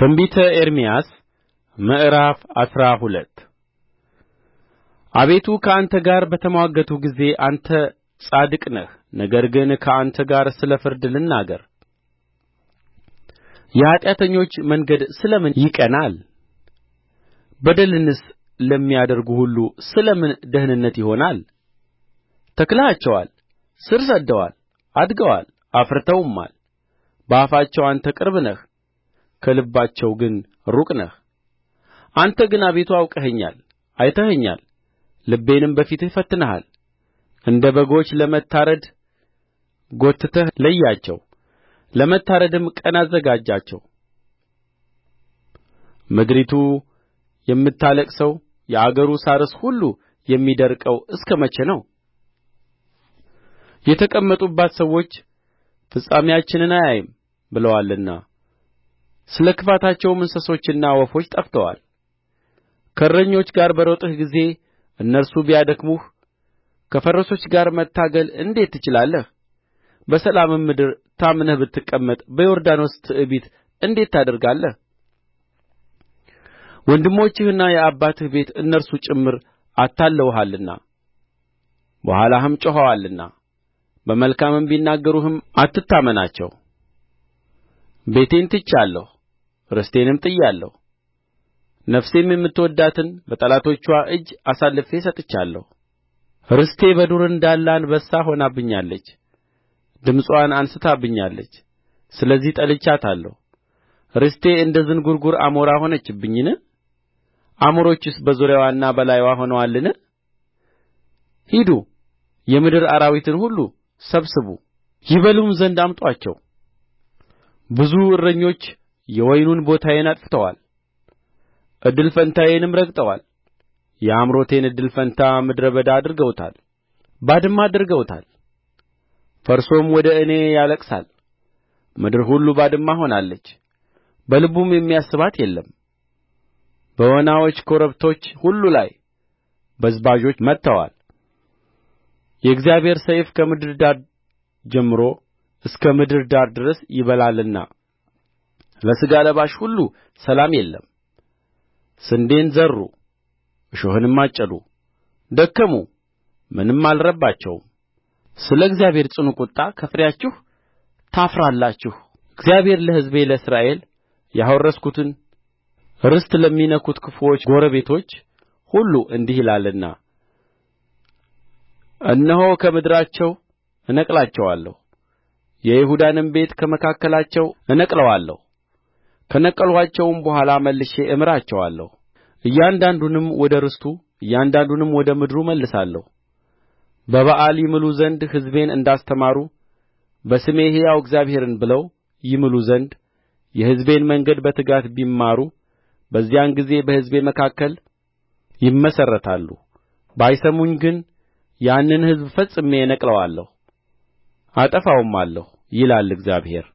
ትንቢተ ኤርምያስ ምዕራፍ አስራ ሁለት አቤቱ ከአንተ ጋር በተምዋገትሁ ጊዜ አንተ ጻድቅ ነህ ነገር ግን ከአንተ ጋር ስለ ፍርድ ልናገር የኃጢአተኞች መንገድ ስለ ምን ይቀናል በደልንስ ለሚያደርጉ ሁሉ ስለ ምን ደኅንነት ይሆናል ተክለሃቸዋል ሥር ሰድደዋል አድገዋል አፍርተውማል በአፋቸው አንተ ቅርብ ነህ ከልባቸው ግን ሩቅ ነህ አንተ ግን አቤቱ አውቀኸኛል አይተኸኛል ልቤንም በፊትህ ፈትነሃል እንደ በጎች ለመታረድ ጐትተህ ለያቸው ለመታረድም ቀን አዘጋጃቸው ምድሪቱ የምታለቅሰው የአገሩ ሣርስ ሁሉ የሚደርቀው እስከ መቼ ነው የተቀመጡባት ሰዎች ፍጻሜያችንን አያይም ብለዋልና ስለ ክፋታቸውም እንስሶችና ወፎች ጠፍተዋል ከእረኞች ጋር በሮጥህ ጊዜ እነርሱ ቢያደክሙህ ከፈረሶች ጋር መታገል እንዴት ትችላለህ በሰላምም ምድር ታምነህ ብትቀመጥ በዮርዳኖስ ትዕቢት እንዴት ታደርጋለህ ወንድሞችህና የአባትህ ቤት እነርሱ ጭምር አታልለውሃልና በኋላህም ጮኸዋልና በመልካምም ቢናገሩህም አትታመናቸው ቤቴን ትቼአለሁ ርስቴንም ጥያለሁ ነፍሴም የምትወድዳትን በጠላቶችዋ እጅ አሳልፌ ሰጥቻለሁ ርስቴ በዱር እንዳለ አንበሳ ሆናብኛለች ድምፅዋን አንሥታብኛለች ስለዚህ ጠልቻታለሁ ርስቴ እንደ ዝንጕርጕር አሞራ ሆነችብኝን አሞሮችስ በዙሪያዋና በላይዋ ሆነዋልን ሂዱ የምድር አራዊትን ሁሉ ሰብስቡ ይበሉም ዘንድ አምጡአቸው ብዙ እረኞች የወይኑን ቦታዬን አጥፍተዋል እድል ፈንታዬንም ረግጠዋል የአምሮቴን እድል ፈንታ ምድረ በዳ አድርገውታል ባድማ አድርገውታል ፈርሶም ወደ እኔ ያለቅሳል ምድር ሁሉ ባድማ ሆናለች በልቡም የሚያስባት የለም በወናዎች ኮረብቶች ሁሉ ላይ በዝባዦች መጥተዋል የእግዚአብሔር ሰይፍ ከምድር ዳር ጀምሮ እስከ ምድር ዳር ድረስ ይበላልና ለሥጋ ለባሽ ሁሉ ሰላም የለም ስንዴን ዘሩ እሾህንም አጨዱ ደከሙ ምንም አልረባቸውም ስለ እግዚአብሔር ጽኑ ቍጣ ከፍሬያችሁ ታፍራላችሁ እግዚአብሔር ለሕዝቤ ለእስራኤል ያወረስሁትን ርስት ለሚነኩት ክፉዎች ጎረቤቶች ሁሉ እንዲህ ይላልና እነሆ ከምድራቸው እነቅላቸዋለሁ የይሁዳንም ቤት ከመካከላቸው እነቅለዋለሁ ከነቀልኋቸውም በኋላ መልሼ እምራቸዋለሁ እያንዳንዱንም ወደ ርስቱ እያንዳንዱንም ወደ ምድሩ እመልሳለሁ በበኣል ይምሉ ዘንድ ሕዝቤን እንዳስተማሩ በስሜ ሕያው እግዚአብሔርን ብለው ይምሉ ዘንድ የሕዝቤን መንገድ በትጋት ቢማሩ በዚያን ጊዜ በሕዝቤ መካከል ይመሠረታሉ። ባይሰሙኝ ግን ያንን ሕዝብ ፈጽሜ እነቅለዋለሁ፣ አጠፋውማለሁ ይላል እግዚአብሔር።